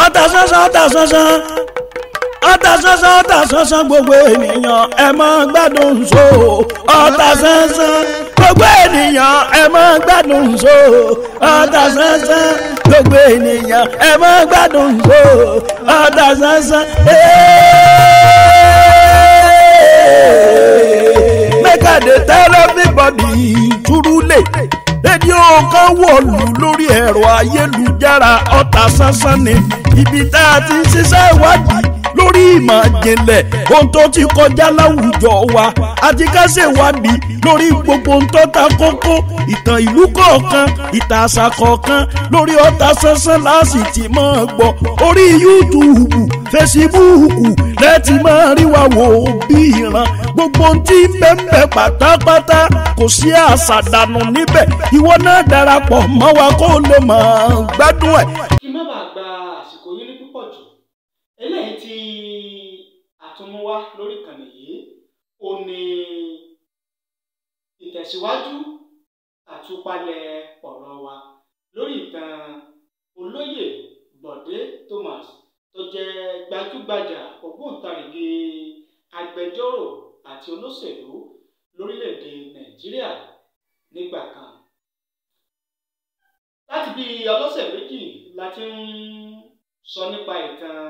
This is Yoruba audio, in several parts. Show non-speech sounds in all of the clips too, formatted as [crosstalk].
ọ̀tà sánsán ọ̀tà sánsán ọ̀tà sánsán ọ̀tà sánsán gbogbo ènìyàn ẹ máa gbádùn so ọ̀tà sánsán gbogbo ènìyàn ẹ máa gbádùn so ọ̀tà sánsán gbogbo ènìyàn ẹ máa gbádùn so ọ̀tà sánsán. Make I dey tell everybody, Turule nǹkan wọ̀lú lórí ẹ̀rọ ayélujára ọ̀tà sánsán ni ibi tá a ti ṣiṣẹ́ ìwádìí lórí ìmọ̀ àjẹlẹ̀ ohun tó ti kọjá láwùjọ wa àti ká ṣèwádìí lórí gbogbo ohun tó ta kókó ìtàn ìlú kọ̀ọ̀kan ìtàn àṣà kọ̀ọ̀kan lórí ọ̀tà sánsán láàsì tí máa gbọ́ orí yúùtùbù fẹsibúùkù lẹ́ẹ̀tì máa rí wa wò ó bí ìran gbogbo ohun tí bẹ́ẹ̀ pátápátá kò sí àṣà dànù níbẹ̀ ìwọ náà darapọ̀ mọ́ wa kó o máa gbádùn ẹ̀. kí n má bàa gba àsìkò yín ní púpọ̀ jù eléyìí mú wá lórí ìkànnì yìí ó ní ìtẹ̀síwájú àtúpalẹ̀ ọ̀rọ̀ wa lórí ìtàn olóyè Bọ̀dé Thomas tó jẹ́ gbajúgbajà ògbóǹtarìgì agbẹjọ́rò àti olóṣèlú lórílẹ̀‐èdè Nàìjíríà nígbà kan láti bí ọlọ́sẹ̀ méjì la ti ń sọ nípa ìtàn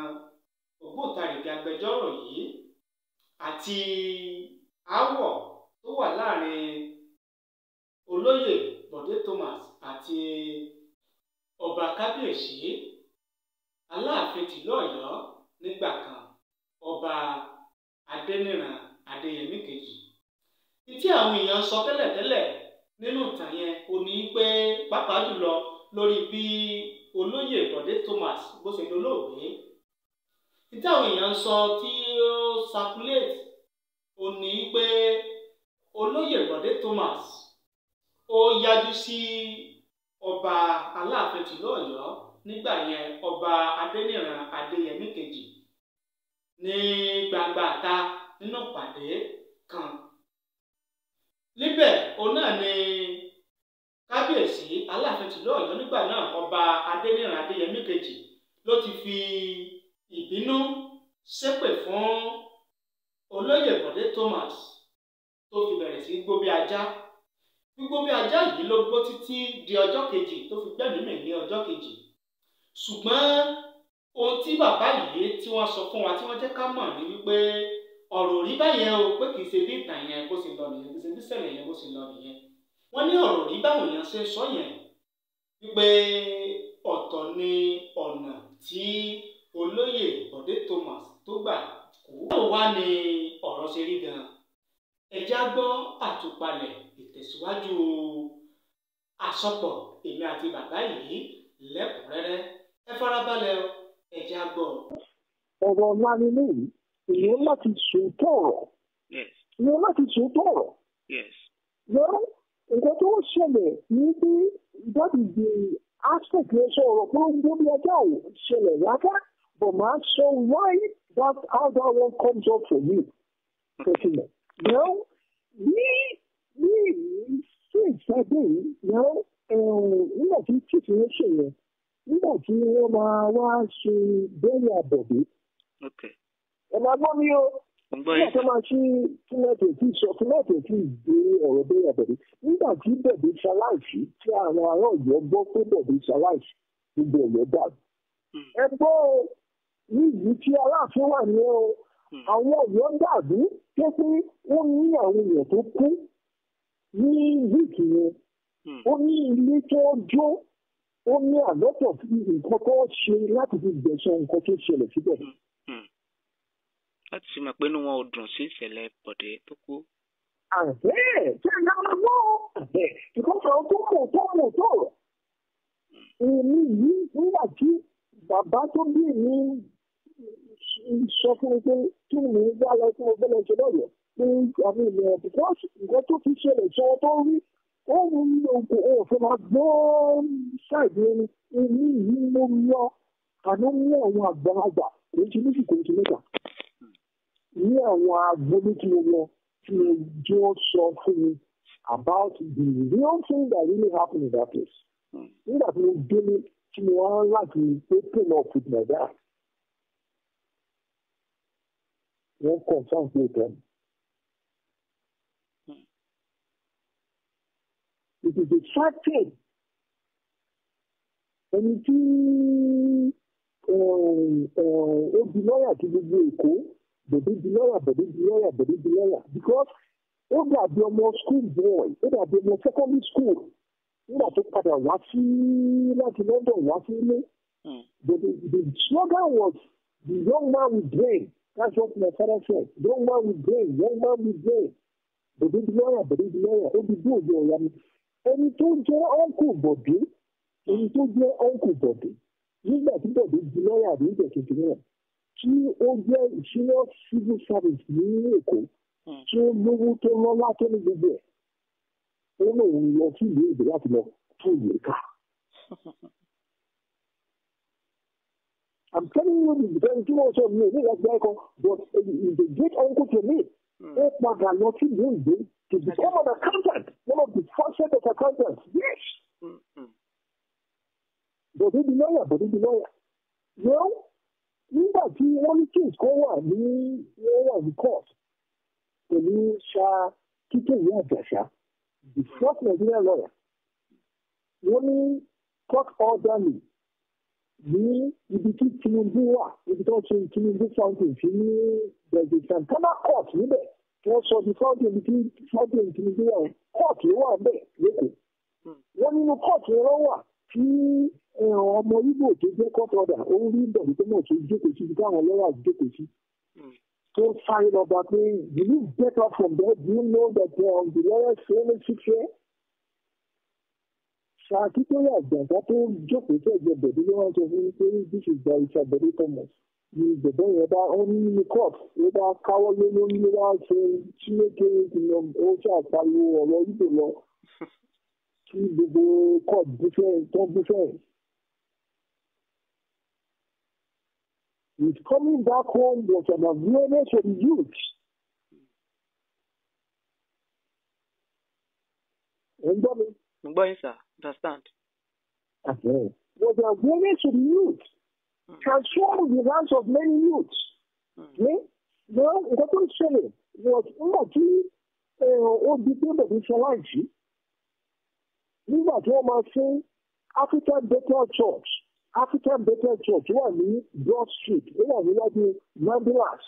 ògbóǹtarìgì agbẹjọ́rò yìí àti aáwọ̀ tó wà láàrin olóyè Bọ̀dé Thomas àti ọba kábíyèsí aláàfin tìlú Ọ̀yọ́ nígbà kan ọba Adéníran Adéyẹmí kejì ìtí àwọn èèyàn sọ tẹ́lẹ̀tẹ́lẹ̀ nínú ìtàn yẹn ò ní pé pàápàá jùlọ lórí bí olóyè Bọ̀dé Thomas bó ṣe dolóògbé títí àwọn èèyàn sọ tí ó circulate ò ní pé olóyè Bọ̀dé Thomas ó yájú sí ọba Aláàfin tìlú Ọ̀yọ́ nígbà yẹn ọba Adéníran Adéyẹmí kejì ní gbangba àta nínú pàdé kan níbẹ̀ òun náà ni kábíyèsí Aláàfin tìlú Ọ̀yọ́ nígbà náà ọba Adéníran Adéyẹmí kejì ló ti fi. ìbínú ṣépè fún olóyè Bọ̀dé Thomas tó fi bẹ̀rẹ̀ sí gbó bí ajá gbígbó bí ajá yìí ló gbó títí di ọjọ́ kejì tó fi gbẹ́mìí ní ọjọ́ kejì ṣùgbọ́n ohun tí bàbá yìí tí wọ́n sọ fún wa tí wọ́n jẹ́ ká mọ̀ ní wípé ọ̀rọ̀ rí báyẹn o pé kì í ṣe bí ìtàn yẹn bó ṣe lọ nìyẹn kì í ṣe bí ṣẹlẹ̀ yẹn bó ṣe lọ nìyẹn wọ́n ní ọ̀rọ̀ rí báwọn èèyàn ṣe sọ yẹn wípé ọ̀tọ̀ ni ọ̀nà tí olóyè bọ̀dé thomas tó gbà kú. báwo wá ni ọ̀rọ̀ ṣe rí gan-an ẹ já gbọ́ àtúpalẹ̀ ìtẹ̀síwájú àsopọ̀ èmi àti bàbá yìí lẹ́kùnrẹ́rẹ́ ẹ farabalẹ̀ ẹ já gbọ́. ọ̀rọ̀ ọ̀la ni ìyẹn láti sòótọ́ ọ̀rọ̀ ìyẹn láti sòótọ́ ọ̀rọ̀ yẹ́n nǹkan tó ṣẹlẹ̀ ní bí that the aspect yẹn sọ̀rọ̀ pé ó ń gbé bí ẹjọ́ ṣẹlẹ̀ lákàá. But man, so why that how that one comes up for you? You know, me, me, since I been, you know, nígbà tí situation yẹn, nígbà tí wọ́n máa wá ṣe bẹ́ẹ̀rẹ̀ àbọ̀dé. Ẹ máa gbọ́ mi o. Nígbà tí wọ́n máa ṣe túnẹ̀tì tí sọ túnẹ̀tì tí gbé ọ̀rọ̀ bẹ́ẹ̀rẹ̀ àbọ̀dé. Nígbà tí Bọ̀dé ṣaláìsí tí àwọn ará Ọ̀yọ́ gbọ́ pé Bọ̀dé ṣaláìsí gbogbo Ọ̀yọ́ dá. Hmm. Ẹ gbọ́ o níbi tí aláàfin wà ní o hmm. àwọn ọ̀yọ́ dàbí pé pé wọ́n ní àwọn èèyàn tó kú ní wíìkì yẹn hmm. ó ní ilé tó jó ó ní àlọ́tọ̀ nǹkan tó ṣe láti fi gbẹ̀sán nǹkan tó ṣẹlẹ̀ síbẹ̀. Hmm. láti ṣe pé inú wọn ò dùn sí ìṣẹ̀lẹ̀ bọ̀dé tó kú. àbẹ́ tí a yà máa gbọ́ àbẹ́ ìkọ́sọ̀ tó mọ̀ tó mọ̀ tó rọ̀. èmi yìí nígbà tí bàbá tó bí mi sọ fún mi pé kí mi wá lọ sí mo bẹ́lẹ̀ ṣe lọ́yọ̀ọ́ pé àmì ìmọ̀ because nǹkan tó fi ṣẹlẹ̀ sọ tó rí òun ní oògùn òfin máa gbọ́n ṣáìdì ẹni èmi yìí mo lọ àná mú àwọn àgbàlagbà kò ń ṣe méjì kò ń ṣe mẹ́ta ní àwọn agboolé tí mo lọ tí mo jẹ́ sọ fún mi about the real thing that really happened in that place hmm. nígbà tí mo délé tí mo wá láti open up with my dad. wọ́n kọ̀ sáǹpù ìtọ́. It is a sad thing. Ẹni tí eh, eh, ó di lọ́yà tí gbogbo Èkó, bẹ̀dẹ̀ di lọ́yà, bẹ̀dẹ̀ di lọ́yà, bẹ̀dẹ̀ di lọ́yà because ó dàbí ọmọ school boy, ó dàbí ọmọ secondary school nígbà tó padà wá sí láti London wá sí ilé. Hmm. The the the slogan was the young man with brain. That's what my father said. Young man with brain, young man with brain. Bòdì di lọ́yà, bòdì di lọ́yà, do di dùn òjò ọ̀yà mi. Ẹni tó jẹ́ ọ́nkù bọ̀dé, ẹni tó jẹ́ ọ́nkù bọ̀dé, nígbà tí bọ̀dé di lọ́yà ní ìjọ tuntun náà, tí ó jẹ́ ìṣúná civil service ní Èkó, tí ó lówó tó lọ́lá tó ní gbogbo ẹ̀, ó lòun lọ sí ìlú èdè láti lọ fún ìwé I'm telling you the very thing also me, ní ìlẹ́sìn ẹ̀kọ́, but eh, the great uncle to me. Ó padà lọ sí ìlú ìgbé to become an accountant, one of the first set of accountants. Yes. Mm-hmm. lawyer, but lọ́yà, bọ̀dé di lọ́yà. Yóò nígbà tí wọ́n ní kí nǹkan wà ní wọ́n wà ní court pẹ̀lú ṣá kíkẹ́ ìwé àjàṣá the first Nigerian lawyer Only ní court order me ní ibi tí Tinubu wà ibi tó ṣe Tinubu fountain sí ní bẹ̀rẹ̀ santana court níbẹ̀ wọ́n sọ di fountain ibi tí fountain Tinubu wà court ló wà bẹ́ẹ̀ lẹ́kọ̀ọ́ wọ́n nínú court yẹn wà tí ọmọ Igbo tó jẹ́ court order òun rí ìdọ̀bí tó mọ̀ tó jókòó sí ibi táwọn lọ́wọ́ àti jókòó sí tó sáré lọ bá pé you need better from there do you know that um, the lawyer say any six years akítóyè àgbàǹkà tó jókòó tó ẹ̀jẹ̀ bẹ̀dú ló máa ń sọ fún pé is gba ìṣà bẹ̀dú thomas ni bẹ̀dẹ̀ yẹn bá ó ní ní court ló bá káwọ́ lé lórí ló bá ṣe síléke ìnà ó ṣàpariwo ọ̀rọ̀ yípo lọ kí gbogbo court búfẹ́ tán búfẹ́. With coming back home was an awareness of the youth. ẹ ń gbọ́ mi. ń yín sà. Understand? Okay. But there are various youths. Transform the lives of many youths. Okay? Now, what I'm saying was nígbà tí eh, ó di pé bẹ̀rẹ̀ ṣọláìjì nígbà tí wọ́n máa African Bethel Church African Bethel Church wà ní Broad Street You ó wà níwájú Mandilas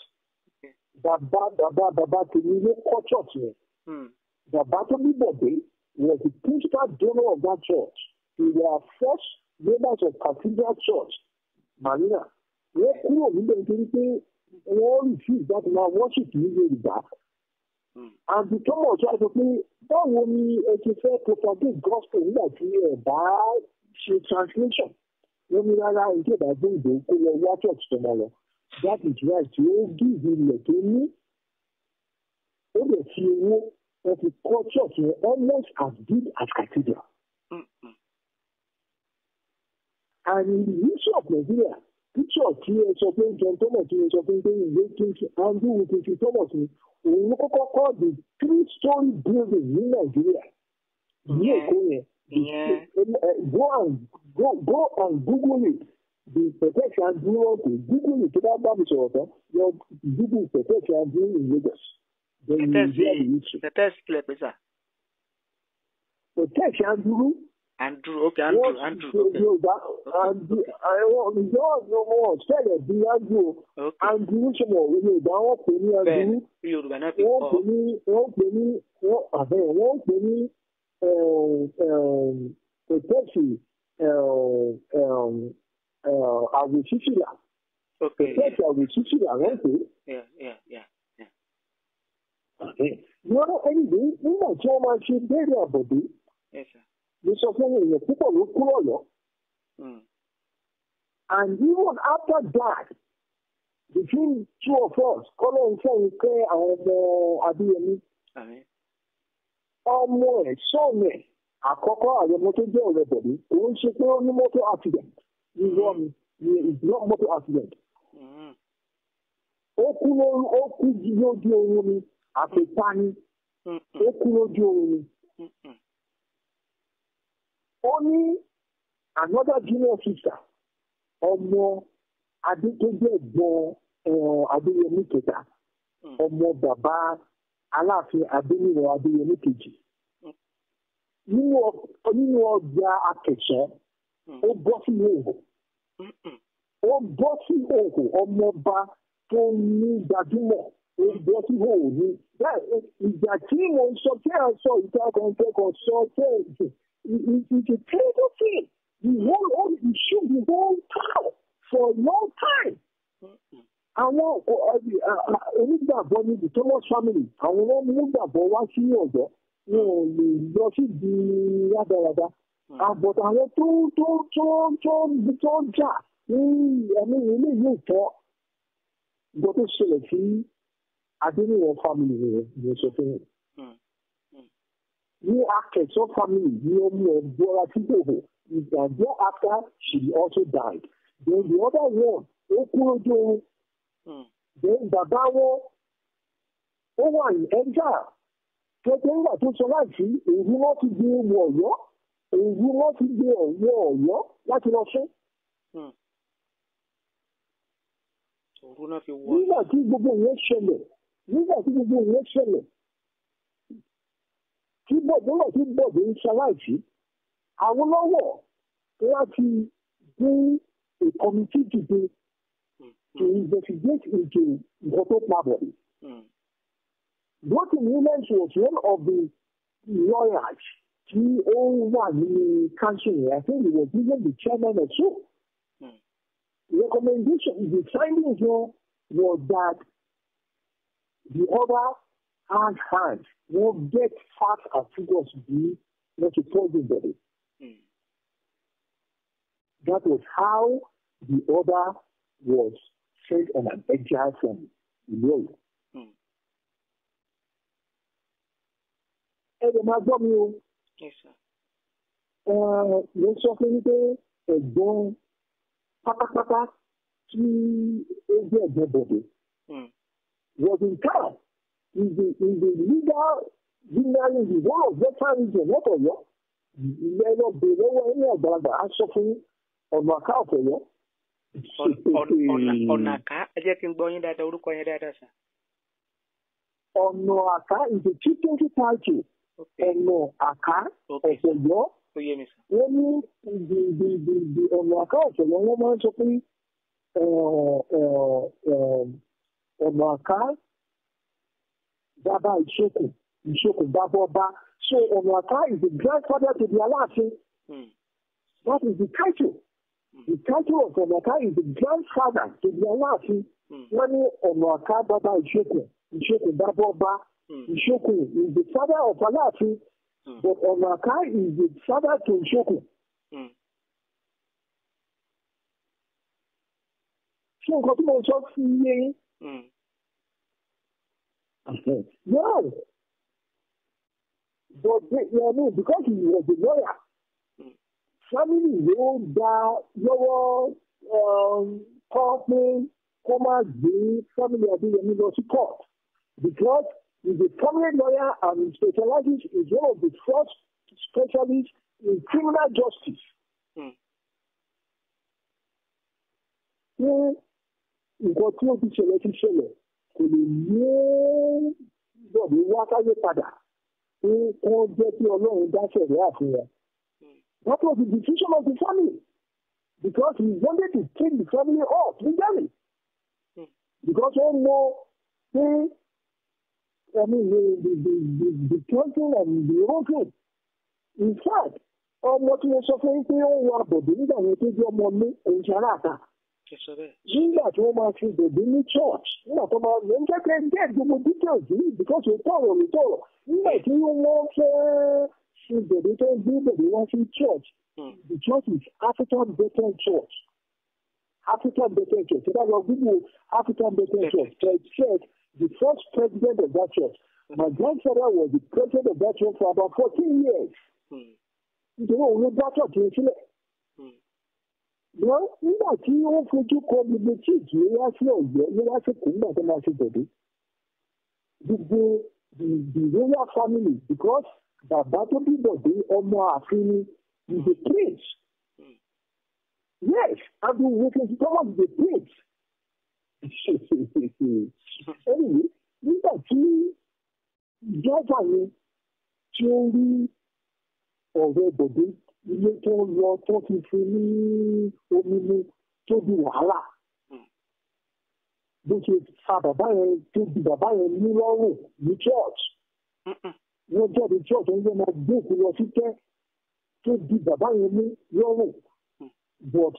bàbá bàbá bàbá tèmi ló kọ́ church yẹn hmm. bàbá tó bí bọ̀dé was the principal donor of that church. They were first members of Cathedral Church, Marina. Wọ́n kúrò níbẹ̀ nítorí pé wọ́n refuse láti máa worship ní Yorùbá. Hmm. And the Thomas wá sọ pé báwo ni ẹ ti fẹ́ propagate gospel nígbà tí ẹ bá ṣe translation? Wọ́n ní rárá ìjọ ìdájọ́ ìbò kó lọ wá church tó máa lọ. That is right. Ó gíìgì ilẹ̀ tó ní. Ó lè fi owó wọ́n ti culture, church yẹn almost as big as cathedral. Mm-hmm. and the bishop of Nigeria picture bishop tí ẹ sọ pé John Thomas tí ẹ sọ pé pé ìwé kejì Andrew wikeji Thomas ni òun ló kọ́kọ́ kọ́ the three story building in Nigeria? Yeah, Èkó yẹn. Eh, eh, go and go go and Google it the perfection dúró to Google it tó bá bá mi sọ̀rọ̀ tán your Google perfection dúró in Lagos the text clear pe sa. the text andrew. andrew okay andrew andrew okay. yorùbá andrew àwọn ìjọ ọ̀nà wọn ṣẹlẹ̀ bí andrew andrew sọmọ yorùbá wọn pè ní andrew wọn pè ní wọn pè ní wọn pè ní the text uh, um, uh, àwòṣíṣìlà the text àwòṣíṣìlà wọn pè. lọ́rọ̀ ẹ̀yìnbí nígbà tí wọ́n máa ṣe bẹ́ẹ̀rẹ̀ àbọ̀dé sọ èèyàn púpọ̀ kúrò and even after that between two of us kọ́lọ́ ń nke ń kẹ́ àwọn ọmọ adéyẹmí ọmọ ẹ̀ sọ́ọ̀mù ẹ̀ àkọ́kọ́ àwọn ọmọ tó moto accident hmm. okwu hmm. okwu àpèpani ó kú lójú oorun ó ní another junior officer ọmọ adétójú ẹ̀gbọ́n eh, adéyẹmí kẹta mm. ọmọ bàbá aláàfin adéníwọ adéyẹmí kejì mm. nínú ọjà akẹsẹ mm. ó bọ́ sí ìhòòhò ó bọ́ sí ìhòòhò ọmọọba tó ní gbajúmọ̀ ó sí ìhòòhò ní bẹ́ẹ̀ ìgbà tí mo ń sọ kí à ń sọ ìta kan kẹ́kọ̀ọ́ sọ bẹ́ẹ̀ jù it's a terrible thing the whole whole it should be whole for a long time. àwọn onígbàgbọ́ ni the Thomas family àwọn onígbàgbọ́ wá sí ọ̀dọ́ wọn ò lè lọ sí di rádaràda àbọ̀tà ah, àwọn tó tó tó tó tó jà ní ẹ̀mí ilé yóò tọ́ gbọ́dọ̀ ṣẹlẹ̀ sí. I didn't want family yẹn ni sọ fún mi. Hmm, hmm. ní akẹ́tọ́ family You ó mú ọ bọ́ra tí after she also died then the other one ó kú lójú oorun one hmm. bàbá wọn ó wà ní ẹja kẹtẹ ńgbà tó sọ láti èyí wọn ti gbé ewu Ọ̀yọ́ èyí wọn ti gbé ọwọ Ọ̀yọ́ láti lọ sún. nígbà tí gbogbo ìyẹn ṣẹlẹ̀ nígbà tí gbogbo ìyẹn ṣẹlẹ̀ tí bọ̀dé wọ̀ tí bọ̀dé ń ṣaláìsí àwọn lọ́wọ́ láti gbé a committee dìde to hmm. Hmm. investigate into nǹkan tó pa bọ̀dé. Brókìn Williams was one of the lawyers tí ó wà ní council yẹn I think he was even the chairman of so. Hmm. Recommendation the findings wọn was that the other hand hand will get fat as it figures be not to everybody. Mm. That was how the other was sent on an exile from Rome. Ẹ̀rọ máa gbọ́ mi o. Mo sọ fún yín pé ẹ̀gbọ́n pátápátá tí ó jẹ́ ẹ̀gbọ́n bọ̀dọ̀. Hmm. was in in the legal the one of region not ẹ jẹ́ kí n gbọ́ yín dáadáa orúkọ yín dáadáa ọ̀nà is a chieftaincy title ọ̀nà àká ọ̀fọ̀yọ́ wọ́n ọ̀nà àká dábàá ìṣokùn ìṣokùn dábọ̀ so ọ̀nà àká is the grandfather to the aláàfin mm. that is the title mm. the title of ọ̀nà àká is the grandfather to the aláàfin hmm. wọ́n ní ọ̀nà àká dábàá ìṣokùn ìṣokùn dábọ̀ ọba hmm. is the father of aláàfin mm. but ọ̀nà àká is the father to ìṣokùn. So hmm. ṣé nǹkan tí mo sọ fún yín. Yes, But they, you know, because he was a lawyer, family ló gba lọ́wọ́ kọ́ um, pé kó family gbé family you lọ support because he's a family lawyer and he specializes in one of the first specialists in criminal justice. Ṣé hmm. nǹkan tí ó ti ṣẹlẹ̀ kò lè mú ìjọba wá sáyé padà pé wọ́n jẹ́ kí ọlọ́run dáṣẹ̀ rẹ̀ àfihàn. That was the decision of the family because he wanted to take the family off legally. Mm. Because wọ́n mọ̀ pé I mean the the the the, the country and the country in fact ọmọ tí mo sọ fún yín pé ó wà bọ̀dọ̀ nígbà yẹn tó jẹ́ ọmọ mi òun ṣe aráàta nígbà tí wọ́n máa fi bèbí ní church nígbà tó máa lè ń jẹ́ pé gbogbo details yìí because o tọrọ mi tọrọ nígbà tí wọ́n fẹ́ fi bèbí tó gbé bèbí wá sí church hmm. the church is African Bethel Church African Bethel Church tí wọ́n lọ gbogbo African Bethel Church church church the first president of that church hmm. my grandfather was the president of that church for about fourteen years hmm. nítorí òun ló dá church yẹn sílẹ̀ wọ́n nígbà tí ó fojú kọ gbogbo tíìtì ó wá sí ọ̀yọ́ ló wá sí kùngbà tó máa ṣe tẹ̀lé gbogbo the the royal family because bàbá tó bí bọ̀dé ọmọ ààfin ni is a prince yes adúwòkè thomas is a prince [laughs] anyway nígbà tí jọba yẹn tí ó rí ọ̀rẹ́ bọ̀dé ilé tó lọ tó ti fi ní omi mu tó di wàhálà hmm. bó ṣe fa bàbá yẹn tó di bàbá yẹn ní lọ́rùn ní church wọ́n hmm. jáde church wọ́n yẹn máa gbé òkú lọ sí tẹ́ tó di bàbá yẹn ní lọ́rùn hmm. but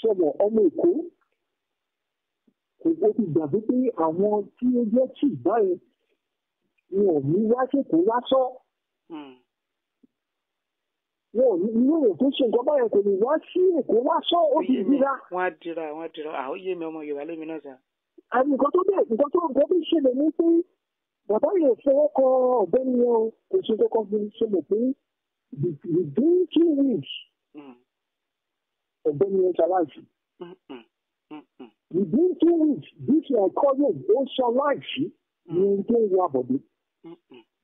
sọ̀rọ̀ ọmọ èkó kò ti gbàgbé pé àwọn tí ó jẹ́ tì báyìí wọn ò ní wá ṣèkó lásán wọn ò ní irú èrò tó ṣe nǹkan báyẹn kò ní wá sí èkó wá sọ ó sì dira. wọn á dira wọn á dira àwọn yé mi ọmọ yorùbá lèmi náà sá. àmì nǹkan tó bẹ̀ nǹkan tó nǹkan tó ṣẹlẹ̀ ní pé bàbá yóò fọwọ́ kọ ọ̀gbẹ́ni yẹn kò sí kankan fún ṣe mọ̀ pé the drinking weed mm. ọ̀gbẹ́ni yẹn ṣaláìsí. Mm, mm, the drinking weed bí ti ẹ̀kọ́ yẹn ó ṣaláìsí ní ẹni tó ń wá bọ̀dé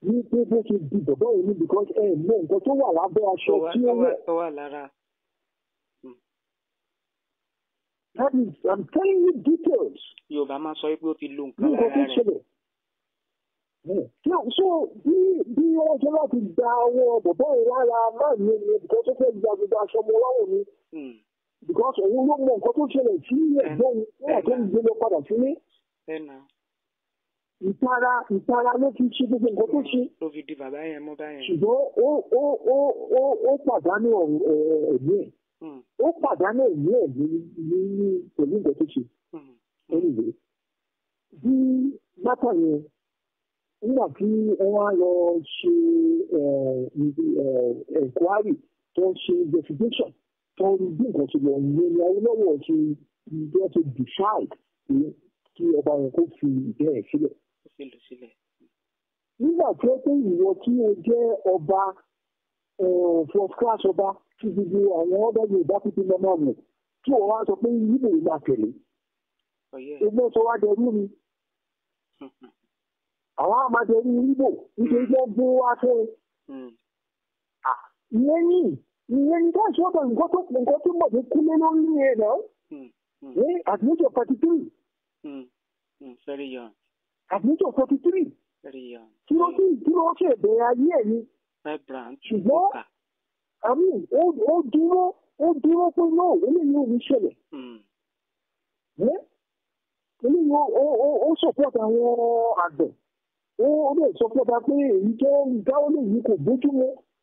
ní pé bó ṣe di bọ̀bọ̀ yìí ni because ẹ mọ nǹkan tó wà lábẹ́ aṣọ tí ó wẹ̀. that is i'm telling you details. yorùbá máa sọ pé ó ti lo nǹkan lára rẹ̀. nǹkan tó ṣẹlẹ̀. so bí bí wọ́n ṣe láti gba ọwọ́ bọ̀bọ̀ yìí lára máa ní ní nǹkan tó fẹ́ gba gbogbo aṣọ ọmọ ọlọ́wọ́ mi. because òun ló mọ nǹkan tó ṣẹlẹ̀ sí ẹ̀gbọ́n mi nígbà tó ń gbé lọ padà sílé ìtara ìtara ló fi ṣe gbogbo nǹkan tó ṣe. ó fi di bàbá yẹn mú báyẹn. ṣùgbọ́n ó ó ó ó ó pàdánù ẹ̀mí ẹ̀ hmm. ó pàdánù ẹ̀mí ẹ̀ ní ní ní pẹ̀lú nǹkan tó ṣe. ẹnìyẹn hmm. bí mátà yẹn nígbà tí wọ́n á lọ ṣe ẹ̀ǹkwárì tó ń ṣe investigation tó ń bí nǹkan ṣe lọ ní ẹni ayélujára ṣe bí wọ́n ṣe decide pé kí ọba yẹn kó fi ìbéèrè sílẹ̀ òṣèlú sílẹ̀. nígbà tí ó pé ìwọ tí o jẹ́ ọba first class ọba tí gbogbo àwọn ọba yorùbá tó ti lọ náà mọ̀ tí wọ́n wá sọ pé yíbo ìgbà tẹ̀lé ẹgbẹ́ oh, tó wá dẹrú mi [laughs] àwọn amadẹrú yíbo nítorí pé gbé wá fẹ́ hmm. ìyẹn ní ìyẹn ní ká ṣọ́ọ̀bù nǹkan tó nǹkan tó mọ̀ tó kúlé lórí ẹ̀ náà ní àtúntò hmm, hmm. eh, thirty three. very àbújọ forty three kí ló sì kí ló ṣe ìbẹ̀rẹ̀ ayé ẹ̀ ni ṣùgbọ́n àmì ó dúró ó dúró pé náà ṣẹlẹ̀ hmm. ó support àwọn àgbẹ̀ ó lè support pé èyí tó dáwọ́ lè yí kò bójú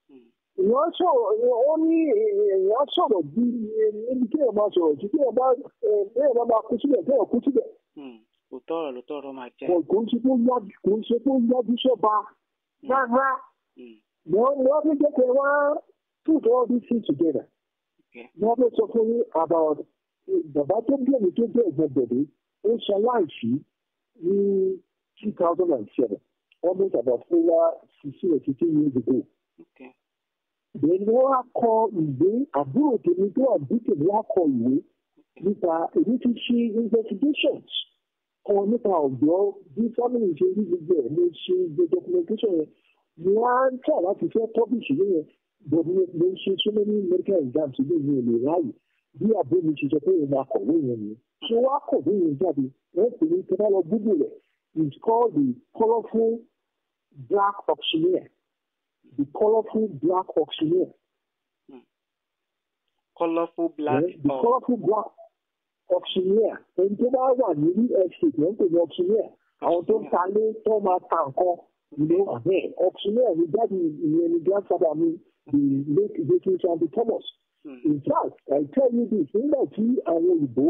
hmm. èèyàn sọ̀rọ̀ ó ní èèyàn sọ̀rọ̀ bí tí èèyàn máa sọ̀rọ̀ èèyàn bá eh, kú kú hmm. òótọ́ ọ̀rọ̀ lóòótọ́ ọ̀rọ̀ máa jẹ́. kò ń ṣe kó yájú kò ń ṣe kó yájú sọ́ba rárá wọ́n wọ́n fi jẹ́ pé wọ́n put hmm. all these things together. wọ́n sọ fún yín about eh, bàbá tó bẹ̀rù tó bẹ̀rù gbẹ̀gbẹ̀rẹ̀ ó ṣaláìsí ní two thousand and seven almost about over sixteen or fifteen years ago. Okay. Then wọ́n á kọ ìwé àbúrò tèmi tó àbí tèmi á kọ ìwé nípa èyí ti ṣe investigations kan nípa ọ̀dọ́ bí fámìlì ṣe rí gbogbo ẹ̀ ló ṣe gbé documentation yẹn wọ́n á ń tà láti fẹ́ publish yẹn but mo ń ṣe so many medical exams ilé mi ò lè ráàyè bí àbúrò mi ṣe sọ pé òun akọ̀wé yẹn ni ṣé wọ́n akọ̀wé yẹn jáde wọ́n pè ní tẹ́lá lọ google rẹ̀ is called the colourful black auctioneer the colourful black auctioneer. Mm. colourful black yeah, the colourful black auctioneer ẹni tó bá wà ní estate ló ń pè ní auctioneer àwọn tó ń ta lé tó máa ta nǹkan ìlú ọ̀hẹ́ auctioneer ni jáde ìyẹn ni grandfather mi the late J.K. Shanti Thomas hmm. in fact I tell you this nígbà tí àwọn òyìnbó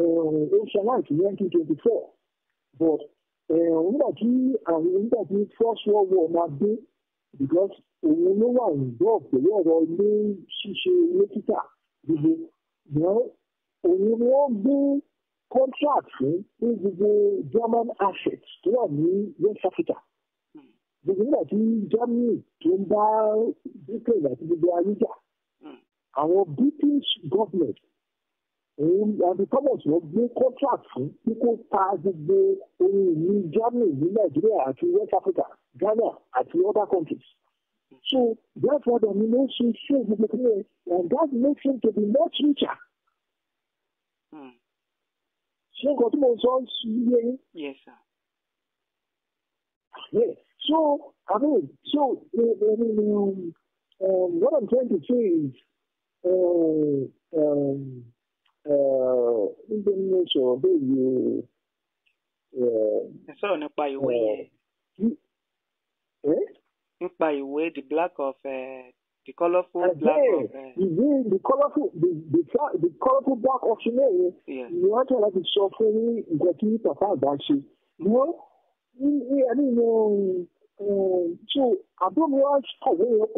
eh, oceanic ní nineteen twenty four but eh, nígbà tí àwọn nígbà tí first world war máa dé because òun ló wà involved pẹ̀lú ọ̀rọ̀ ilé ṣíṣe ilé títà gbogbo òun ni ó gbé contract fún ní gbogbo German assets tó wà ní West Africa gbogbo nígbà tí Germany tó ń bá Britain àti gbogbo ayé àwọn British government òun àti thomas wọn gbé contract fún bí kò ta gbogbo ohun ìní Germany ní Nàìjíríà àti West Africa Ghana àti other countries. So therefore the nomination show gbogbo clear and that makes him to be much richer. Hmm. ṣé nǹkan tí mo sọ yes sir. yeah so i mean so i mean um, um, what i'm trying to say is. Um, um, uh, mi ò sọ̀rọ̀ bẹ́ẹ̀ yìí o. ẹ sọ̀rọ̀ nípa ìwé uh, yẹn. Eh? nípa ìwé the black of uh, The colorful Again, black eh. auctioneer. Again, the colorful the the, the colorful black auctioneer yẹn ni wọ́n tẹ̀ láti sọ fún ní nǹkan tí bàbá àgbà ṣe. Wọ́n ní ẹni um, so I àbúrò mi wá kọ̀wé the other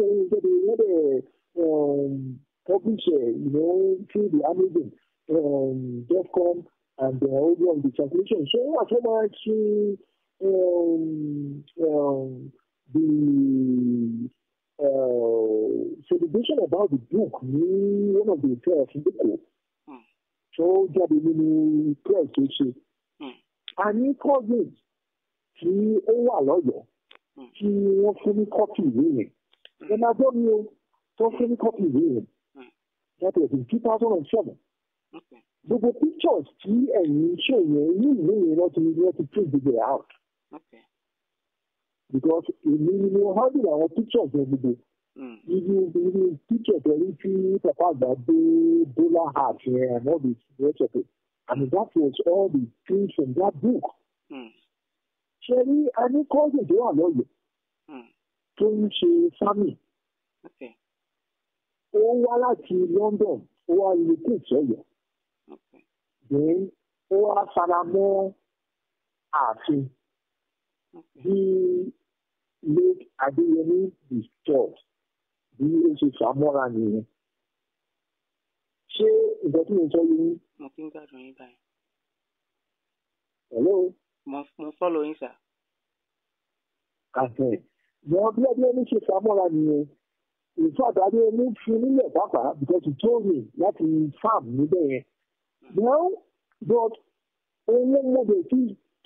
um dẹ̀ you know, through the Amazon um, dot com and the also of the translation. So wọ́n wà tó máa um, um the celebration eh, about the book ní one of the hotels lẹ́kọ̀ọ́ tó jáde nínú press tó ṣe. Hmm. a ní cousin tí ó wà lọ́yọ̀ọ́ hmm. tí wọ́n fún ní kọ́pì ìwé yẹn hmm. ẹ̀ma gbọ́ mi o tó fún ní kọ́pì ìwé yẹn that was in two thousand and seven gbogbo pictures tí ẹ̀yìn ṣòyẹn ní ìwé yẹn lọ́tún ní wọ́n ti print gbogbo ẹ̀ out. Okay because èmi ni mo handle àwọn pictures everyday hmm. irú irú picture pẹ̀lú tí papa àgbà dé dollar heart yẹn and all the rest of it and that was all the things from that book. Hmm. ṣe rí ẹni cousin tó wà lọ́yọ̀ọ́ hmm. tó ń ṣe farming ó wá láti London ó wá locate sọ́yọ́ then ó wá fara mọ́ ààfin bíi make adéyẹmí disturbed bí ó ṣe fàmọ́ra nìyẹn ṣé nǹkan tí mo sọ yé yín. mo ti ń gbádùn yín báyìí. hello. mo mo fọlọ yín sá. kàfẹ́ wọn bí adéyẹmí ṣe fàmọ́ra nìyẹn ìfọ̀dà adéyẹmí fi nílẹ̀ pàápàá because he told me láti farm níbẹ̀ yẹn. now hmm. but òun ló mọ̀ bẹ̀ tí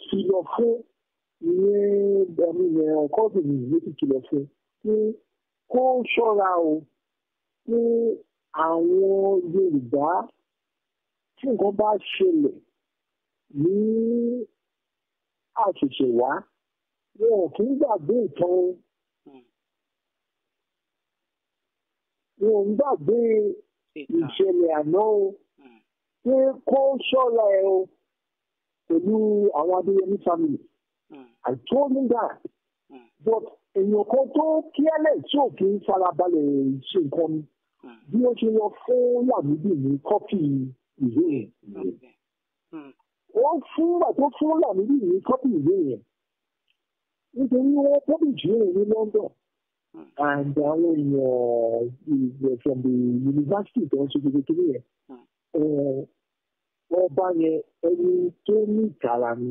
kìlọ̀ fún ní kóòtù yìí ti kìlọ̀ fún kí kó ṣọ́ra o kí àwọn Yorùbá tí nǹkan bá ṣẹlẹ̀ ní àṣìṣe wá wọn ò kí ń gbàgbé ìtàn wọn ò ń gbàgbé ìṣẹ̀lẹ̀ àná o hmm. pé kó ṣọ́ra ẹ o pẹ̀lú àwọn Adéyẹmí family. Hmm. I told him that. Mm. But èèyàn kan tó kíẹ́lẹ̀ tí ò kí ń farabalẹ̀ ṣe nǹkan ni hmm. bí ó ṣe lọ fún Làmídì ní kọ́pì ìwé yẹn. Hmm. Ó fún ìgbà tó fún Làmídì ní kọ́pì ìwé yẹn. Nítorí wọ́n kọ́pì jìnnà ní London. And àwọn èèyàn eh, from the university tó ń ṣe gbogbo kiri yẹn. Eh, Ọba yẹn ẹni tó ní ìkara ni.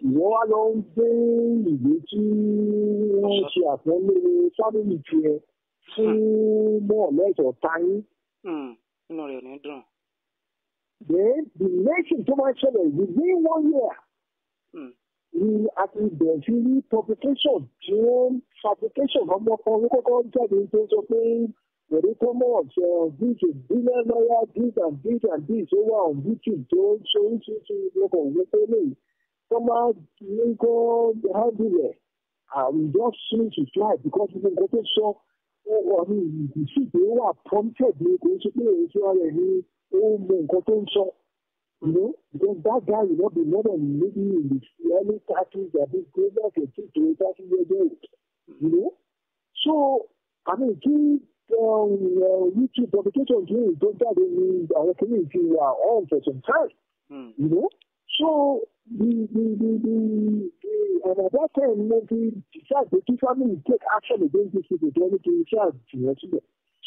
ìyẹn wá lọ ń gbé ìwé tí wọ́n ṣe àpọ́nlé fámìlì tiẹ̀ fún mọ́ọ̀lẹ́sọ̀ táyín. Hmm, inú rẹ̀ ò ní dùn. then the nation tó máa ṣẹlẹ̀ within one year hmm. ni a ti bẹ̀rẹ̀ sí ní publication tí wọ́n fabrication ọmọ kan ló kọ́kọ́ jáde tó sọ pé Erika Moore ṣe ọ̀díjì bílẹ̀ lọ́yà this and this and this ó wà on YouTube tó ń ṣe oríṣiríṣi lọ́kọ̀ òun pé lẹ́yìn former lincoln handiware i'm just soon to fly because mo nǹkan tó sọ ọ̀rọ̀ ìdísí pé ó wà prompted ní kò ń ṣe pé èyí tí wọ́n are ní ó mọ nǹkan tó ń so, You know, because that guy will not be more than maybe in the early 30s or big closer to 50 to 30 years old. You know? So, I mean, kí um, uh, YouTube publication yìí tó jáde ní àwọn kìíní ti wà on for some time. Hmm. You know? So, the the the the the and at that time mo fi decide pé kí family take action against this people tó ẹni tó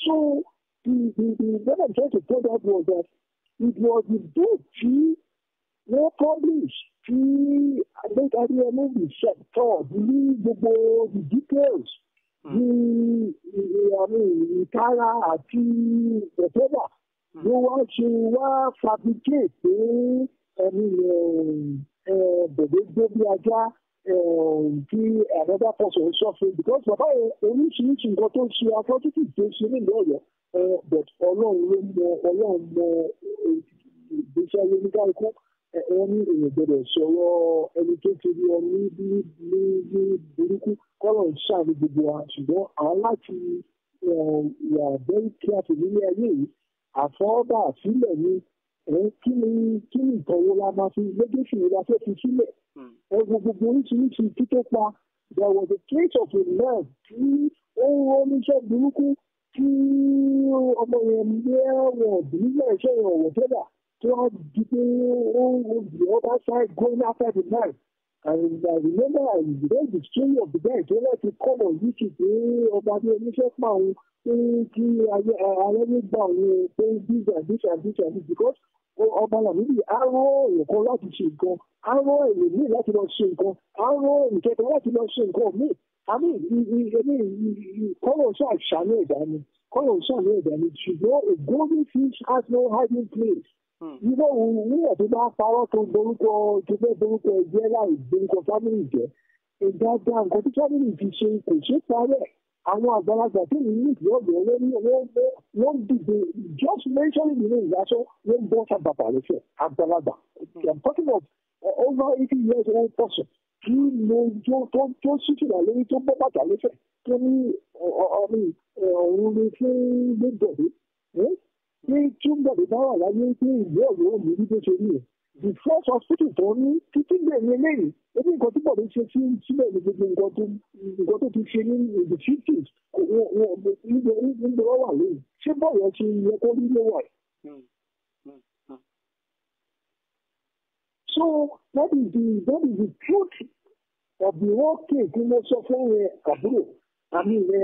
so the the the what i'm trying to point out was that it was the book she wọ́n publish tí adékarí ẹni the sector ní gbogbo the details ní àmì ìtara the whatever. You want to wá fabricate pé ẹni eh, eh, bèbè gbé bí ajá eh, kí another person suffer because bàbá yẹn oríṣiríṣi nǹkan tó ń ṣe afọ́tútù tó ń ṣe nílùú ọ̀yọ́ but ọlọ́run ló mọ ọlọ́run mọ ìgbésí ayé ní káàkó ẹni èèyàn gbọdọ̀ sọ̀rọ̀ ẹni tó kiri ọmọ ní ní ní burúkú kọ́lọ̀ ń ṣàmì gbogbo wa ṣùgbọ́n àwọn láti wà bẹ́ẹ̀ kí a fi nílé ayé yìí àfọwọ́bà sílẹ̀ ní òun kí ni kí ni ìtọ́wò la máa fi lẹ́gẹ̀sì la fẹ́ fi sílẹ̀ hmm. ẹ̀rù gbogbo oríṣiríṣi tító pa there was a case of a man tí ó ń rọ́ níṣẹ́ burúkú tí ọmọ yẹn lẹ́wọ̀n nílẹ̀ iṣẹ́ yẹn ọ̀wọ̀ tẹ́lá tí wọ́n di pé ó di ọba side going after the man and I remember I read the story of the guy tó láti come on YouTube pé ọba bí oníṣẹ́ pa òun pé kí ayé ayé gbà òun pé this and this and this and this because ọmọ ọ̀nà níbi aró nǹkan láti ṣe nǹkan aró èrè míì láti lọ ṣe nǹkan aró ìkẹta láti lọ ṣe nǹkan míì àmì kọ́rọ̀ ṣáà ṣàánú ẹ̀dá ni kọ́rọ̀ ṣàánú ẹ̀dá ni ṣùgbọ́n a golden fish has no hiding place. Ilé hmm. òun nígbà tó bá parọ́ tó borúkọ tó fẹ́ borúkọ ẹgbẹ́ láì borúkọ fámìlì jẹ́. Ìdájá nǹkan tí fámìlì ti ṣe kò ṣe parẹ́ àwọn àgbàlagbà tó ní ní ìdí ọ̀gbìn ló ní owó ló ń dìde just mentioning the name ìyáṣọ ló ń bọ́ sábàbà lọ́sẹ̀ àgbàlagbà i'm talking of uh, over eighty years old person kí ló jó tó tó sísìlà lórí tó bọ́ bàtà lọ́sẹ̀ tó ní ọ̀rìn ọ̀run ló fẹ́ gbẹ́gbẹ̀dẹ́ pé túbọ̀ lè bá wà láyé pé ìgbẹ́ ọ̀gbìn ò ní bí tó ṣe rí yẹn the first hospital tó ní títí lè ní eléyìí ebi nǹkan tí bọ̀dé ṣe sí síbẹ̀ ní gbogbo nǹkan tó nǹkan tó ti ṣe ní the fifties níbo níbo wọ́n wà lóyún ṣé bọ́ọ̀lù ẹ yẹ kó rí ló wà so that is the that is the truth of the whole case ni mo sọ fún ẹ àbúrò àmì ẹ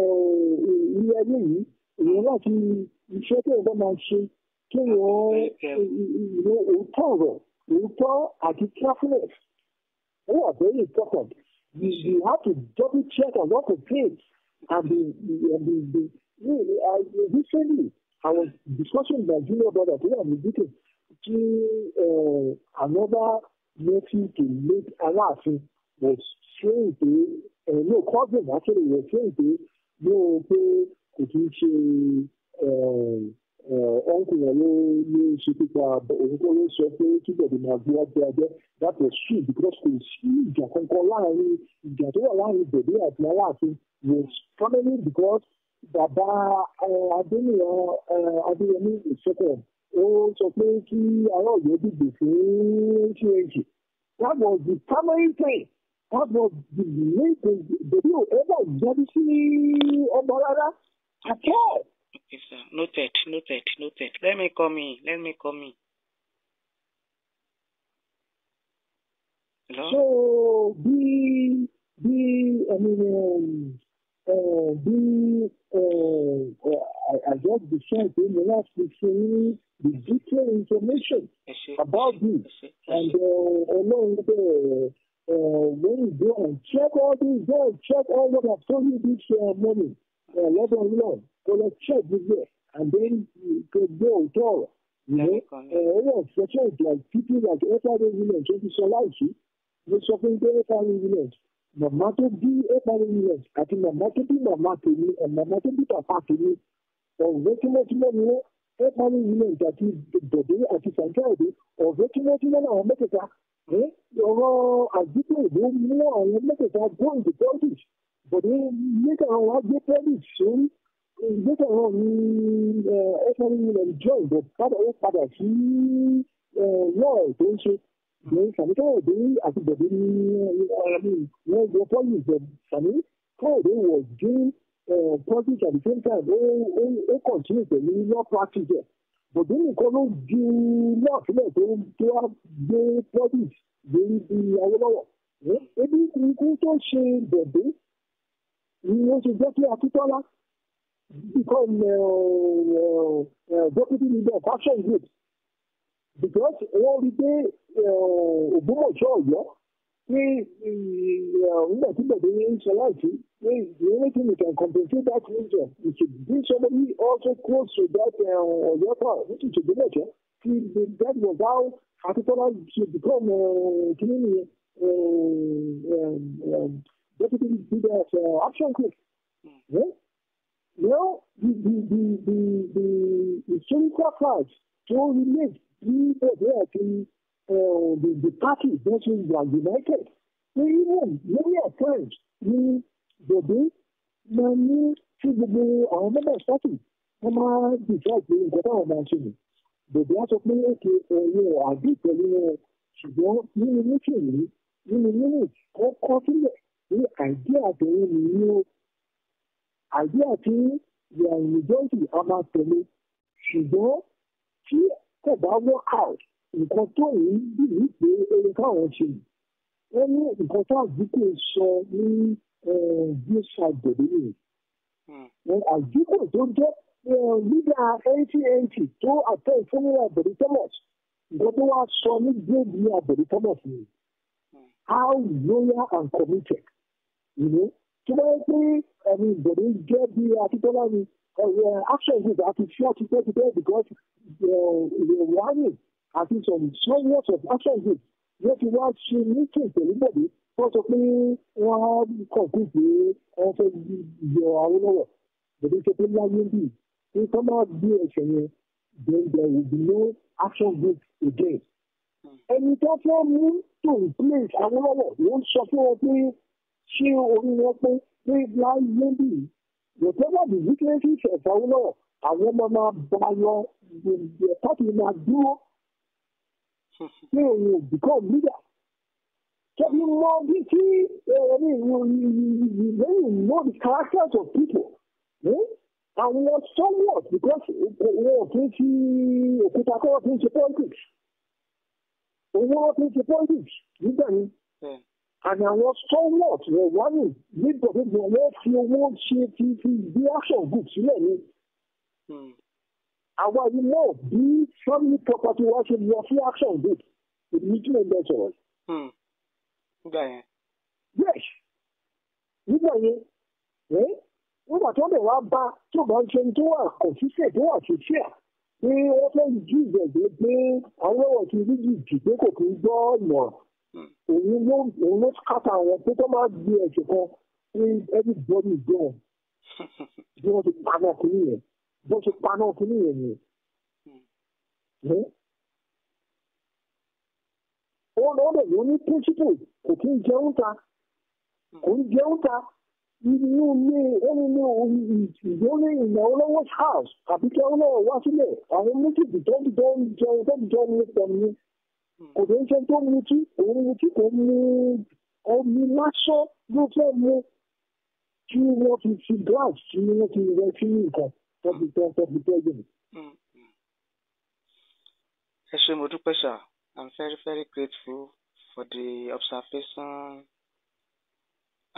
ilé ayé yìí èèyàn láti iṣẹ́ tó ń bá máa ṣe kí wọ́n òótọ́ ọ̀rọ̀ òótọ́ àti carefulness Who are very important you you have to double check a lot of things and the the the really uh, I recently I was discussing with my junior brother today I'm meeting to uh, another nephew to make Aláàfin was saying pé uh, no cousin actually was saying pé no pé kò tún ṣe. Uh, ọ̀nkù wọn ló ló pípa ló sọ pé kíbọ̀dé máa gbé was because kò sí ìjà kankan láàrin ìjà tó wà láàrin bèbè àti aláàfin was family because bàbá eh, adéníyàn eh, adéyẹmí ìṣẹ́kọ̀ ó sọ pé kí ará ọ̀yọ́ dìbò fún cng that was the family thing that was the main thing sí ọmọ Yes, sir. Noted, noted, noted. Let me call me. Let me call me. Hello? So, be, be, bí bí ẹni uh, àjọ bìṣẹ́ ìpè mi láti fún ní the detailed information about this and along the uh, uh, uh, when you go and check all these guys, uh, check all what I've told you this uh, morning. Uh, and Lord kó lọ check gbogbo ẹ̀ and then kó gbé òótọ́ ọ̀rọ̀ ní ọwọ́ ìfẹsẹ̀ ìgbà people like ẹ̀fárí women tó ti sọ láìsí mo sọ pé pé ẹ̀fárí women màmá tó bí ẹ̀fárí women àti màmá tó bí màmá tèmi màmá tó bí pàpà tèmi ọ̀rẹ́ tímọ́tímọ́ ni wọ́n ẹ̀fárí women àti bọ̀dé àti sàǹkẹ́ọ̀dé ọ̀rẹ́ tímọ́tímọ́ làwọn mẹ́tẹ̀ẹ̀ta ọ̀rọ̀ àdúgbò ló mú àwọn mẹ́tẹ̀ẹ̀ta gbọ́ǹdì pọ́lìs bọ̀dé nígbà wọn á gbé pọ́lìs sórí ìgbésẹ̀ náà ní ẹ̀ẹ́dẹ́gbẹ̀rún mílíọ̀n jọ ìbò padà ó padà sí lọ́ọ̀rọ̀ tó ń ṣe ìyẹn sàmì káyọ̀dé àti bọ̀dé ní wọ́n gbọ́ pọ́lì ìbẹ̀ sàmì káyọ̀dé wọ̀ dé politics at the same time ó continue pẹ̀lú law practice ẹ̀ bọ̀dé nìkan ló di law sílẹ̀ tó wá gbé politics lórí bí Awólọ́wọ̀ ebi ikú tó ṣe bọ̀dé ni ó ṣe jẹ́ kí Akíntọ́lá become uh, uh, uh, deputy leader of action group because wọ́n rí pé uh, Ògbómọ̀ṣọ́ Ọ̀yọ́ pé nígbà tí bẹ̀rẹ̀ ní ṣaláìsí uh, pé the only thing we can compensate that region is should bring somebody also close to that Ọ̀yọ́ town which is Ògbómọ̀ṣọ́ see that was how Akíntọ́lá should become kìíní nìyẹn um, um, deputy leader of action group. Hmm. Yeah? you the the, the, the, the, the, the sacrifice to relate people there to uh, the, the parties that were united. So even many at times ní bèbè máa ní tí gbogbo àwọn mẹ́bà sọ́ọ̀tì wọ́n máa dìgbà pé nǹkan táwọn máa ṣe nì. Bèbè á sọ pé èké ẹ̀yẹ àbí pẹ̀lú wọn ṣùgbọ́n nínú mítìrì nínú mímì wọ́n kọ́ sílẹ̀ ní àìdí àtẹ̀yìn nìyí o àdúrà tí yẹ̀rìn jọ́sì a máa tẹ̀lé ṣùgbọ́n tí kò bá work out nǹkan tó ń bì í pé ohun káwọn ṣe wọ́n ní nǹkan tó àdúgbò sọ ní bíṣà gbòdì nìyí. àdúgbò tó jẹ́ lídà ntnt tó àtẹ ìfúnnilẹ̀ àbẹ̀rẹ̀ thomas nǹkan tó wá sọ ní gbòdì àbẹ̀rẹ̀ thomas nìyí. Hmm. how loyal and committed. You know? tó bá yẹ pé ẹ̀mí ìbòdè jẹ́ bí akíntọ́lá ni eh, actions is àti fi ọtí pé ti bẹ́ẹ̀ warning àti some small words of action group. yóò ti wá ṣe meeting pẹ̀lú bòdè wọ́n sọ pé wọ́n kàn sí pé wọ́n fẹ́ yọ Awólọ́wọ̀ bòdè sọ pé láyé bíi pé kọ́ máa gbé ẹ̀ṣẹ̀ yẹn then there will be no action group again. ẹni tó fẹ́ mú to replace Awólọ́wọ̀ ló ń sọ fún wọn pé ṣé orí wọn pé pé láyé bì í whatever the weaknesses ẹ̀fọ́ náà àwọn ọmọ máa bá yọ ẹ̀fọ́ tó máa dúró pé òun ò become leader kẹ́mi mọ bí tí ẹ̀rí lẹ́yìn know the characters of people àwọn somewhat because wọn ò tún fi òkúta kọ́ ọ́ tún ṣe politics owó ọ́ tún ṣe politics nígbà yẹn. Hmm àní àwọn stalwart rẹ̀ wá nì nígbà gbogbo wọn fi owó ṣe fi fi bí action group sílẹ̀ ni. Hmm. àwa yìí náà bí family property wa ṣe lọ sí action group èmi tí mo bẹ sọ̀rọ̀. Hmm. nígbà yẹn. yes nígbà yẹn nígbà tó lè wá bá tó bá ń ṣe tó wà kọ̀ọ̀fíṣẹ̀ tó wà fífíà pé wọ́n fẹ́ jí ìgbẹ̀gbẹ́ pé àwọn ọ̀tún rí jì pé kò kí ń gbọ́ ìmọ̀ràn òun ló òun ló kàtà àwọn pé tó máa gbé ẹ̀jẹ̀ kan pé everybody gone bí wọ́n ti paná kínní yẹn bí wọ́n ti paná kínní yẹn nìyẹn. ó lọ bẹ̀ ló ní píńsípù kò kí ń jẹun ta kò ń jẹun ta inú mi ẹni mi ò ìdílé ìnáwó lọ́wọ́ house àbí kí wọ́n lọ́wọ́ wá sílẹ̀ àwọn méjì tó ń jẹun tó ń jẹun nípa Hmm. kò tó ń ṣe tó mutí òun mutí kò mú omi lásán ló fẹ́ mu tí wọ́n fi fi glass tí wọ́n fi rẹ sínú nǹkan tó fi tọ́ hmm, hmm. ẹ ṣé mo dúpẹ́ sà I'm very very grateful for the observation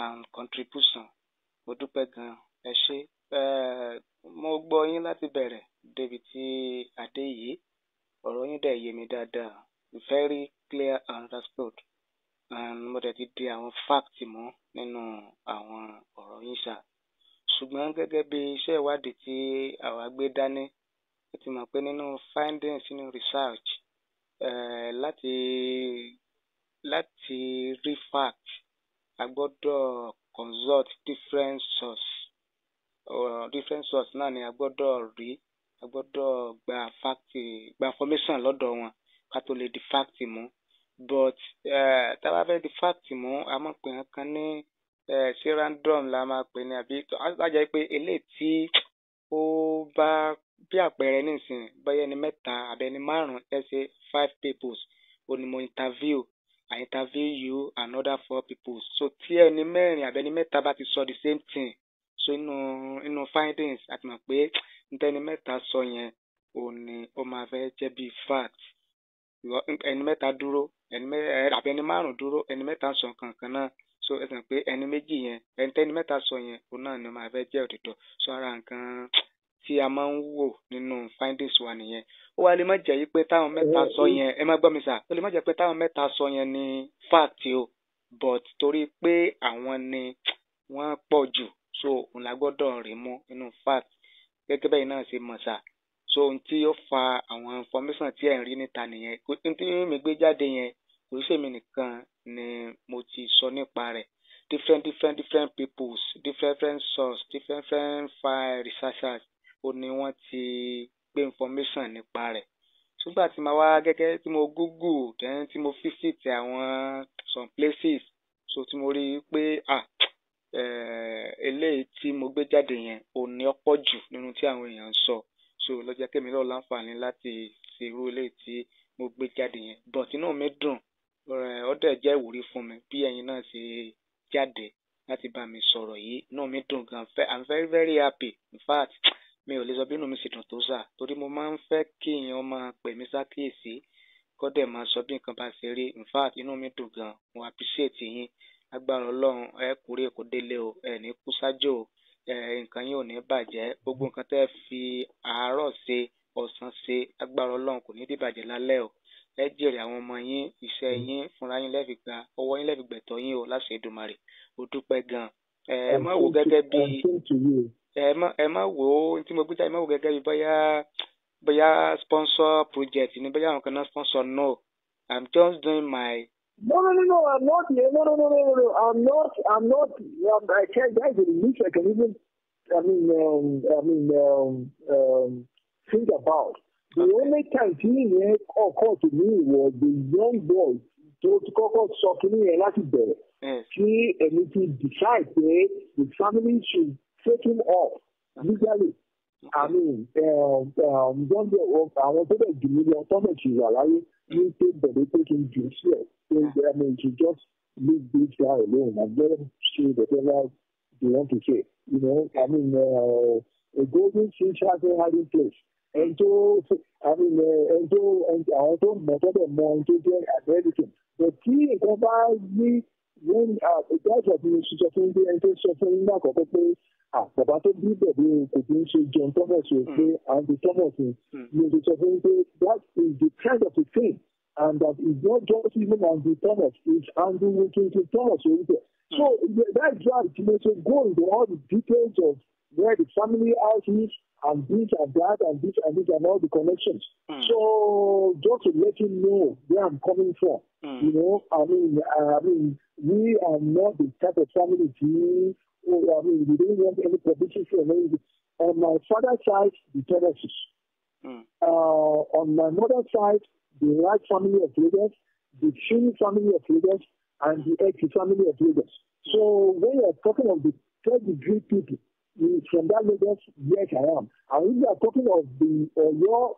and contribution mo dúpẹ́ gan-an ẹ ṣé mo gbọ́ yín láti bẹ̀rẹ̀ débi tí adé yìí ọ̀rọ̀ yín dẹ̀ yé mi dáadáa very clear and understood and mo dẹ̀ ti di àwọn fact mọ́ nínú àwọn ọ̀rọ̀ yín ṣá ṣùgbọ́n gẹ́gẹ́ bí iṣẹ́ ìwádìí tí àwa gbé dání ó ti mọ̀ pé nínú findings nínú research uh, láti láti rí fact a gbọ́dọ̀ consult different source uh, different source náà ni a gbọ́dọ̀ rí a gbọ́dọ̀ gba fact gba information lọ́dọ̀ wọn ká tó lè di fact mú but eh, tá a bá fẹ́ di fact mú a máa pè wọ́n kan ní eh, ṣé random la máa pè ní àbí lájà pé eléyìí tí ó bá bí àpẹẹrẹ nísìnyí bóyá ẹni mẹ́ta àbí ẹni márùn-ún ẹ ṣe five peoples ó ní mo interview I interview you another four peoples so tí ẹni mẹ́rin àbí ẹni mẹ́ta bá ti sọ the same thing so inú inú findings àti mọ̀ pé ntẹ́ni mẹ́ta sọ yẹn òní ó máa fẹ́ jẹ́ bíi fact ẹni mẹ́ta dúró ẹni mẹ́ta àbí ẹni márùn dúró ẹni mẹ́ta ń sọ nǹkan náà so ẹ sàn pé ẹni méjì yẹn ẹni tẹ́ni mẹ́ta sọ yẹn òun náà ni máa fẹ́ jẹ́ òtítọ́ so ara nǹkan tí a máa ń wò nínú findings wa nìyẹn ó wá lè má jẹ́ yí pé táwọn mẹ́ta sọ yẹn ẹ má gbọ́ mi sà ó lè má jẹ́ pé táwọn mẹ́ta sọ yẹn ni fact o but torí pé àwọn ni wọ́n pọ̀ jù so òun la gbọ́dọ̀ rí mú nínú fact gẹ́gẹ́ bẹ́ẹ̀ náà ṣe mọ̀ sà so ohun tí ó fa àwọn information tí ẹ̀ ń rí níta nìyẹn ohun tí mi gbé jáde yẹn kò ṣe mi nìkan ni mo ti sọ nípa rẹ̀ different different different peoples different different source different different file researchers ó ní wọ́n ti gbé information nípa rẹ̀ ṣùgbọ́n tí màá wá gẹ́gẹ́ tí mo google then tí mo visit àwọn some places so tí mo rí i pé ah eléyìí tí mo gbé jáde yẹn ò ní ọ̀pọ̀ jù nínú tí àwọn èèyàn ń sọ. So so ló jẹ́ kémi náà láǹfààní láti ṣe irú eléyìí tí mo gbé jáde yẹn but inú mi dùn eh, ó dẹ̀ jẹ́ ìwúrí fún mi bí ẹ̀yin náà ṣe jáde láti bá mi sọ̀rọ̀ yìí inú mi dùn gan i'm very very happy in fact mi ò lè sọ bí inú mi sì dùn tó sà torí mo máa ń fẹ́ kí èèyàn máa pè mí sákíyèsí kó dẹ̀ máa sọ bí nǹkan bá ṣe rí in fact inú mi dùn gan mo appreciate yín agbára ọlọ́run ẹ kúrè kó délé o ẹ ní kú sájò o nǹkan yín ò ní bàjẹ́ gbogbo nǹkan tẹ́ fi àárọ̀ ṣe ọ̀sán ṣe agbára ọlọ́run kò ní dìbàjẹ́ lálẹ́ o ẹ jèrè àwọn ọmọ yín iṣẹ́ yín fúnra yín lẹ́fi gba ọwọ́ yín lẹ́fi gbẹ̀tọ́ yín o láṣẹ Èdùmàrè o dúpẹ́ gan ẹ má wò gẹ́gẹ́ bí ẹ má wò ó tí mo gbé jáde ẹ má wò gẹ́gẹ́ bí bóyá bóyá sponsor project ni bóyá àwọn kan náà sponsor no I'm just doing my No, no, no, no. I'm not. No, no, no, no, no. I'm not. I'm not. Um, I can't guys in English. I can even. I mean, um, I mean, um, um, think about. The only time tí yẹn kọ́kọ́ to me was the young boy tó ti kọ́kọ́ sọ and that's it. bẹ̀rẹ̀. Kí hmm. ẹni ti decide pé the family should take him off legally. I mean, um, um, young boy àwọn tó bẹ̀ jù mí lọ tọ́mẹ̀ ṣì ní pé bọ̀dé tó kí n jù sí I mean to just leave this guy alone and let him say whatever they want to say you know I mean uh, a golden fish has a hiding place ẹn tó I mean uh, ẹn tó àwọn tó mọ̀ tọ́tọ̀ mọ ẹn tó jẹ́ àbẹ́rẹ́dìkì but tí nǹkan bá that was ìdájọ́ mi sọ fún bí ẹni tó sọ fún nígbà àkọ́kọ́ pé. àbàbà ah, tó bí bẹ̀rẹ̀ kò kí ń ṣe John Thomas rẹ̀ pé hmm. Andy Thomas ti hmm. sọ fún pé that is the kind of a thing and that is not just even Andy Thomas it's Andy the Thomas orúkọ. Hmm. So that drive you know, to go into all the details of where the family house is and this and that and this and this and all the connections. Mm. So just to let you know where I'm coming from, mm. you know, I mean, I mean, we are not the type of family to I mean, we didn't want any publicity or anything. On my father's side, the Genesis. Mm. Uh, on my mother's side, the Wright family of leaders, the Chin family of leaders, and the Eki family of leaders. So when you're talking of the third degree people from that leaders, yes, I am. And when you are talking of the uh, your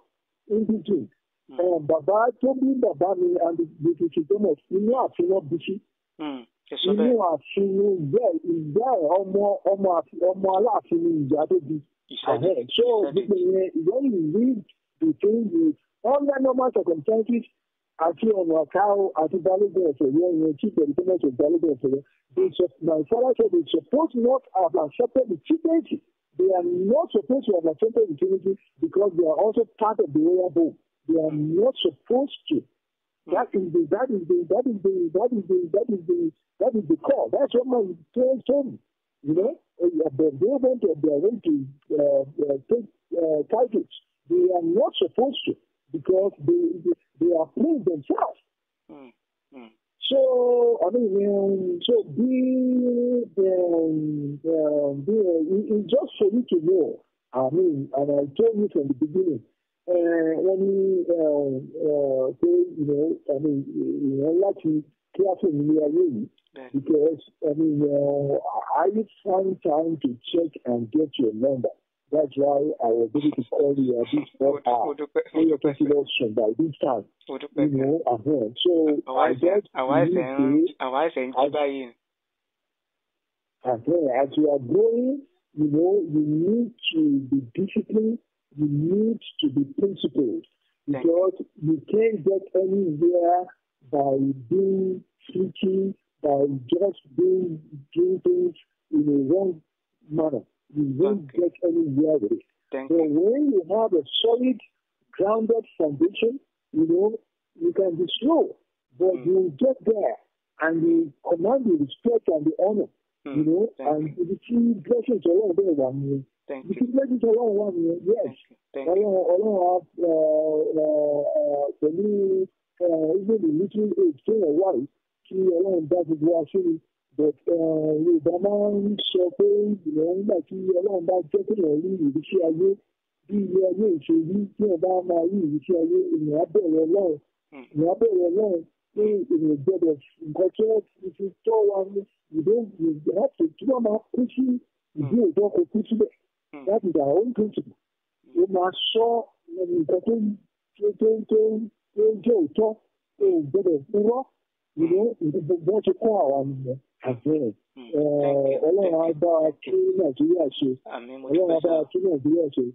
in between, mm. um, Baba, Tobi Baba, and the Chitomos, we are Fino Bishi. Hmm, inú àfin ni ìgbẹ́ ọmọ ọmọ ọmọ aláàfin ni ìjà tó di ahead so gbogbo yẹn when you read between the under normal circumstances àti ọ̀nà àkáwò àti balógun ẹ̀sẹ̀ yẹn yẹn chief independent of balógun ẹ̀sẹ̀ yẹn they my father said they suppose not have accepted the treatment they are not supposed to have accepted the treatment because they are also part of the royal home they are not supposed to. That is the that is the that is the that is the that is the that is the core. That's what my friends told me. You know, they went to they went to take uh, titles. They are not supposed to because they they, are playing themselves. Mm. Mm. So I mean, um, so be um, um, be, uh, just for you to know. I mean, and I told you from the beginning uh, uh, uh, you know, I mean, you kí á careful ilé are in because I mean, uh, I find time to check and get your number. That's why I was able to call you at this point Uh, for yẹ kí n lọ sùn by this time. You know, uh-huh. So I just believe it. Again, as you are growing, you know, you need to be disciplined. You need can't get anywhere by being switching, by just being doing things in the wrong manner. You won't okay. get anywhere with it. Thank so you. when you have a solid, grounded foundation, you know, you can be slow, but mm. you get there and you command the respect and the honor. Mm. You know, Thank and you see blessings around there one year. Thank you. You see blessings around one year, yes. ọlọ́run ọlọ́run pẹ̀lú ìgbèlè little aid kéèyàn wà yìí kí ọlọ́run dá gbogbo wa sí i but yorùbá máa ń sọ pé ìgbìmọ̀ nígbà tí ọlọ́run bá jẹ́ kéèyàn rí ìrísí ayé bí ilé ayé ìṣèlú tí wọ́n bá máa rí ìrísí ayé ènìyàn bẹ̀rẹ̀ ọlọ́run ènìyàn bẹ̀rẹ̀ ọlọ́run pé ènìyàn gbọ́dọ̀ nǹkan tí wọ́n ti fi tọ́ wa ní ìdóògùn láti tí wọ́n máa kú sí ìdí òjò kò kú síbẹ̀ láti dà ó ń tó tìbù ó máa sọ nǹkan tó tó tó tó jẹ́ òótọ́ tó gbọ́dọ̀ purọ́ ìlú gbogbo ti kọ́ àwa nìyẹn àbẹ̀rẹ̀ hmm. eh, ọlọ́run á bá wa tún nàìjíríà ṣe ọlọ́run á bá wa tún nàìjíríà ṣe.